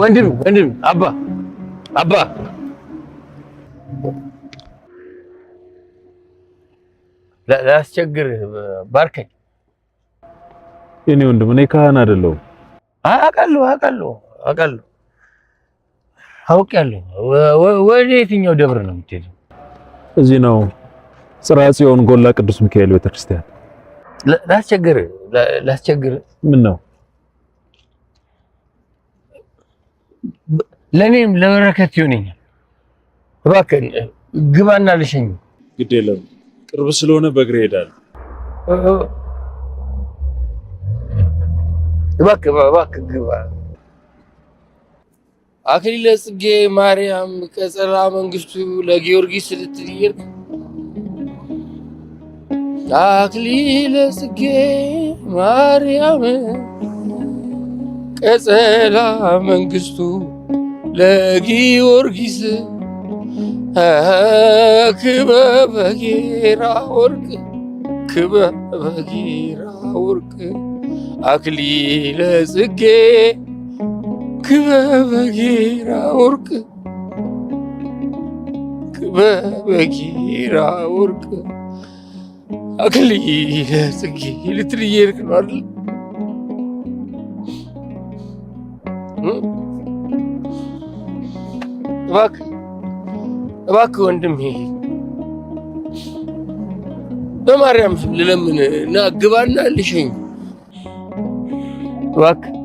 ወንድም ወንድም አባ አባ ላስቸግር ባርከኝ። እኔ ወንድም እኔ ካህን አይደለሁም። አውቃለሁ አውቃለሁ አውቃለሁ አውቄያለሁ። ወደ የትኛው ደብር ነው የምትሄደው? እዚህ ነው ጽርሐ ጽዮን ጎላ ቅዱስ ሚካኤል ቤተክርስቲያን። ላስቸግር ላስቸግር ምን ነው ለእኔም ለበረከት ይሆነኛል። እባክህ ግባና ልሸኝ። ግድ የለም ቅርብ ስለሆነ በእግር እሄዳለሁ። እባክህ እባክህ ግባ። አክሊለ ጽጌ ማርያም ቀጸላ መንግስቱ ለጊዮርጊስ ልትል አክሊለ ጽጌ ማርያም ቀጸላ መንግስቱ ለጊዮርጊስ ክበበጌራ ወርቅ ክበበጌራ ወርቅ አክሊለ ጽጌ ክበበጌራ ወርቅ ክበበጌራ ወርቅ አክሊለ ጽጌ ልትል ነው አይደል? እባክህ እባክህ ወንድም ይሄ በማርያም ልለምን ግባና ልሸኝ እባክህ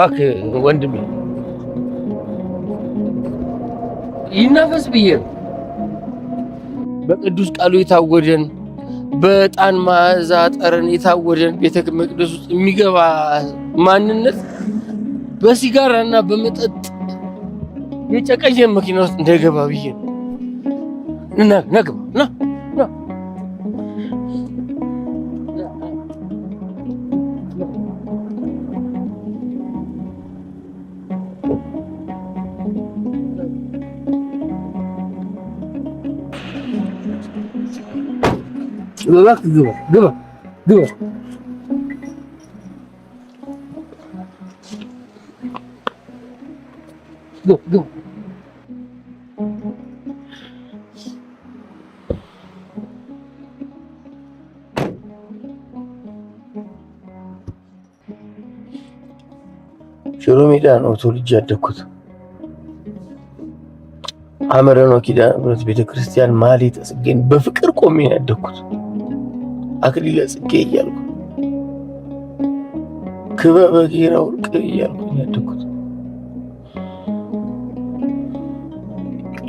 እባክህ ወንድሜ ይናፈስ ብዬ ነው። በቅዱስ ቃሉ የታወደን በዕጣን መዓዛ ጠረን የታወደን ቤተ መቅደስ ውስጥ የሚገባ ማንነት በሲጋራ እና በመጠጥ የጨቀየን መኪና ውስጥ እንዳይገባ ብዬ ነው። ና ና Bak dıvır, dıvır, dıvır. Dur, dur. شروع میدن اصول جاده کد همه رنو که در بیت کریستیان مالی تسگین بفکر کومی ندکد አክሊለ ጽጌ እያልኩ ክበበ ጌራ ወርቅ እያልኩ ያደኩት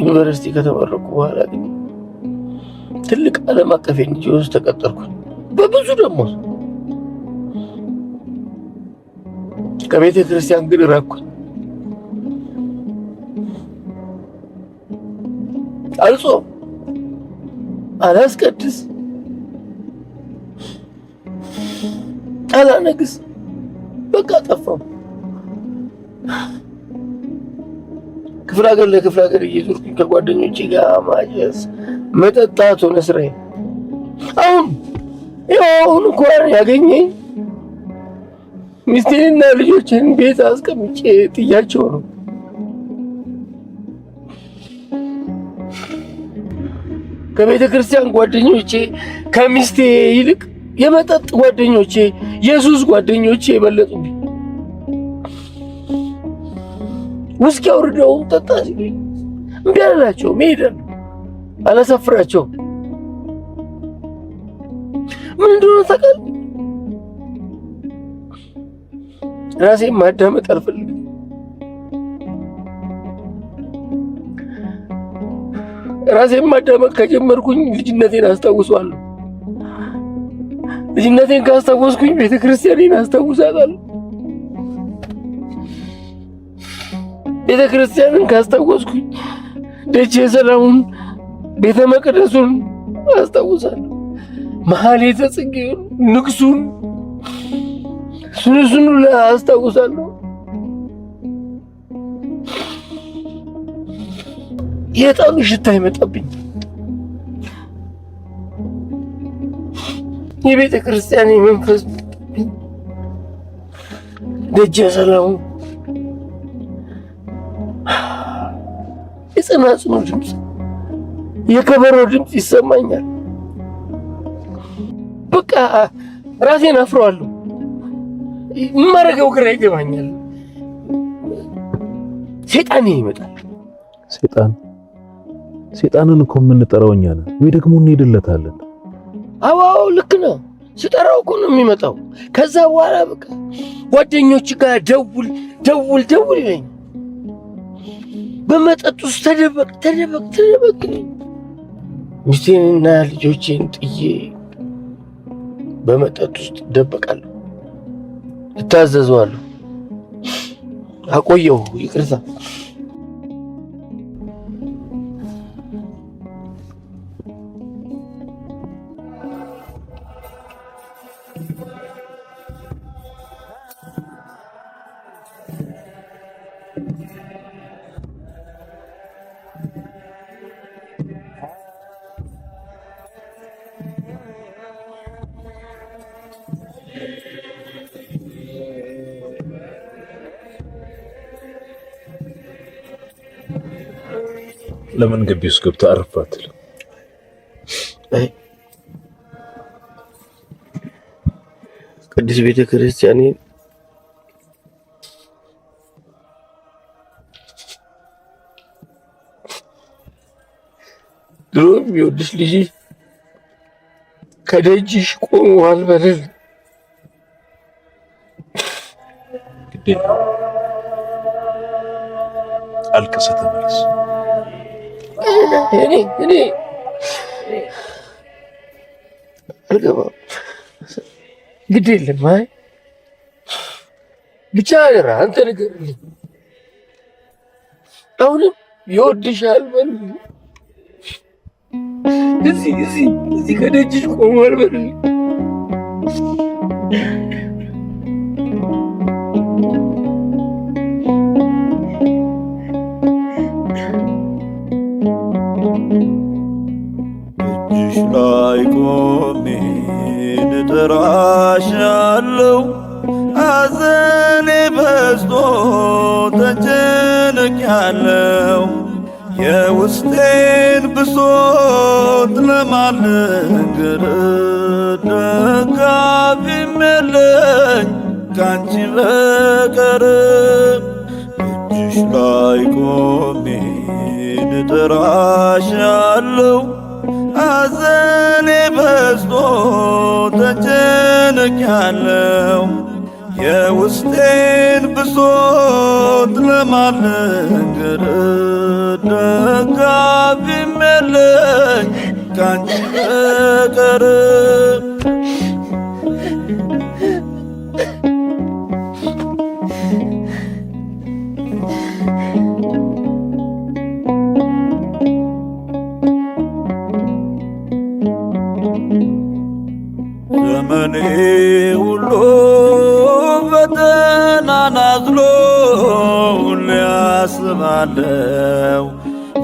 ዩኒቨርሲቲ ከተመረቁ በኋላ ግን ትልቅ ዓለም አቀፍ ኤንጂኦ ውስጥ ተቀጠርኩኝ። በብዙ ደግሞ ከቤተ ክርስቲያን ግን ራኩኝ። አልጾም አላስቀድስ አላነግስ በቃ ጠፋው ክፍለ ሀገር ለክፍለ ሀገር እየዞርኩኝ ከጓደኞቼ ጋር ማጨስ መጠጣት ሆነ ስራዬ። አሁን ይኸው አሁን እንኳን ያገኘኝ ሚስቴንና ልጆችን ቤት አስቀምጬ ጥያቸው ነው። ከቤተ ክርስቲያን ጓደኞቼ ከሚስቴ ይልቅ የመጠጥ ጓደኞቼ፣ የሱስ ጓደኞቼ የበለጡብኝ። ውስኪ አውርደውም ጠጣ ሲሉኝ እምቢ አላቸው። መሄደን አላሳፍራቸው። ምን እንደሆነ ታውቃለህ? ራሴን ማዳመጥ አልፈልግም። ራሴን ማዳመጥ ከጀመርኩኝ ልጅነቴን አስታውሰዋለሁ። ልጅነቴን ካስታወስኩኝ ቤተ ክርስቲያኔን አስታውሳታለሁ። ቤተ ክርስቲያንን ካስታወስኩኝ ደጀ ሰላሙን ቤተ መቅደሱን አስታውሳለሁ። መሐሌተ ጽጌውን፣ ንግሱን፣ ስንሱን ሁሉ አስታውሳለሁ። የዕጣኑ ሽታ ይመጣብኝ የቤተ ክርስቲያን የመንፈስ ደጀ ሰላሙ የጸናጽኑ ድምፅ የከበሮ ድምፅ ይሰማኛል። በቃ ራሴን አፍረዋለሁ። የማደርገው ግራ ይገባኛል። ሴጣን ይመጣል። ሰይጣን ሰይጣንን እኮ የምንጠራው እኛ ነን ወይ ደግሞ እንሄድለታለን አዋው ልክ ነው። ስጠራው እኮ ነው የሚመጣው። ከዛ በኋላ በቃ ጓደኞች ጋር ደውል ደውል ደውል ይለኝ። በመጠጥ ውስጥ ተደበቅ ተደበቅ ተደበቅ። ሚስቴንና ልጆቼን ጥዬ በመጠጥ ውስጥ እደበቃለሁ፣ እታዘዘዋለሁ። አቆየው። ይቅርታ ለምን ግቢ ውስጥ ገብተህ አረፍ አትልም? ቅዱስ ቤተ ክርስቲያን ድሮ የሚወድሽ ልጅ ከደጅሽ ቆሟል በልል ግዴታ አልቅሰህ ተመለስ። እኔ እኔ አልገባም። ግድ የለም። አይ ብቻ አደራ አንተ ንገርልኝ። አሁንም ይወድሻል በል እዚህ እዚህ እዚህ ከደጅሽ ቆሟል በል ጥራሻለው አዘኔ በዝቶ ተጨንቅ ያለው የውስጤን ብሶት ለማልነገር ደጋፊም የለኝ ካንቺ በቀር እጅሽ ላይ ቆሜ ልጠራሻለው ተጨነቅ የውስጤን ብሶት ለማልነገር ደጋፊ የለኝ ካንቺ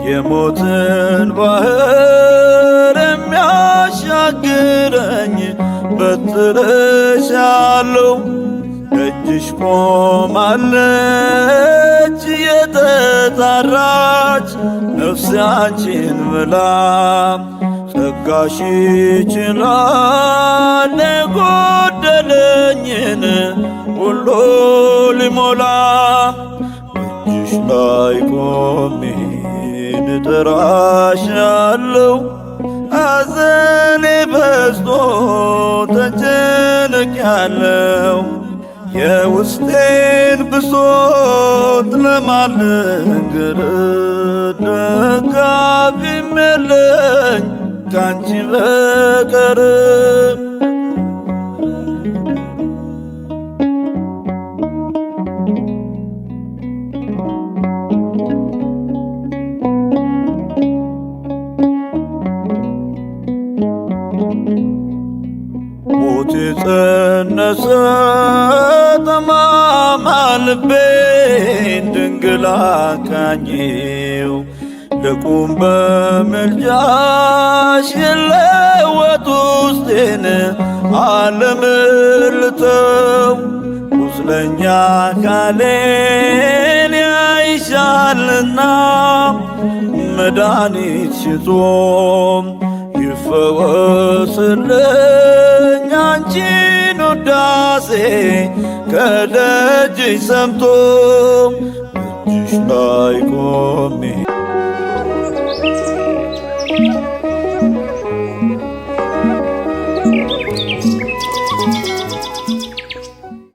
የሞትን ባህር የሚያሻግረኝ በትርሽ ያለው እጅሽ ቆማለች የተጣራች ነፍሴ አንቺን ምላ ጸጋሽ ይችላል የጎደለኝን ሁሉ ሊሞላ እጅሽ ላይ ቆሜ ጥራሻለው አዘኔ በዝቶ ተጨንቅ ያለው የውስጤን ብሶት ለማልንገር ደጋፊም የለኝ ካንቺ በቀርም በጠማማ ልቤን ድንግል አቃኘው ልቁም በምልጃሽ የለወጥ ውስጤን አለምልተው ቁስለኛ አካሌን ያይሻልና መድኃኒት ሽቶም ይፈወስልኝ አንቺን ውዳሴ ከደጅሽ ሰምቶ እጅሽ ላይ ቆሜ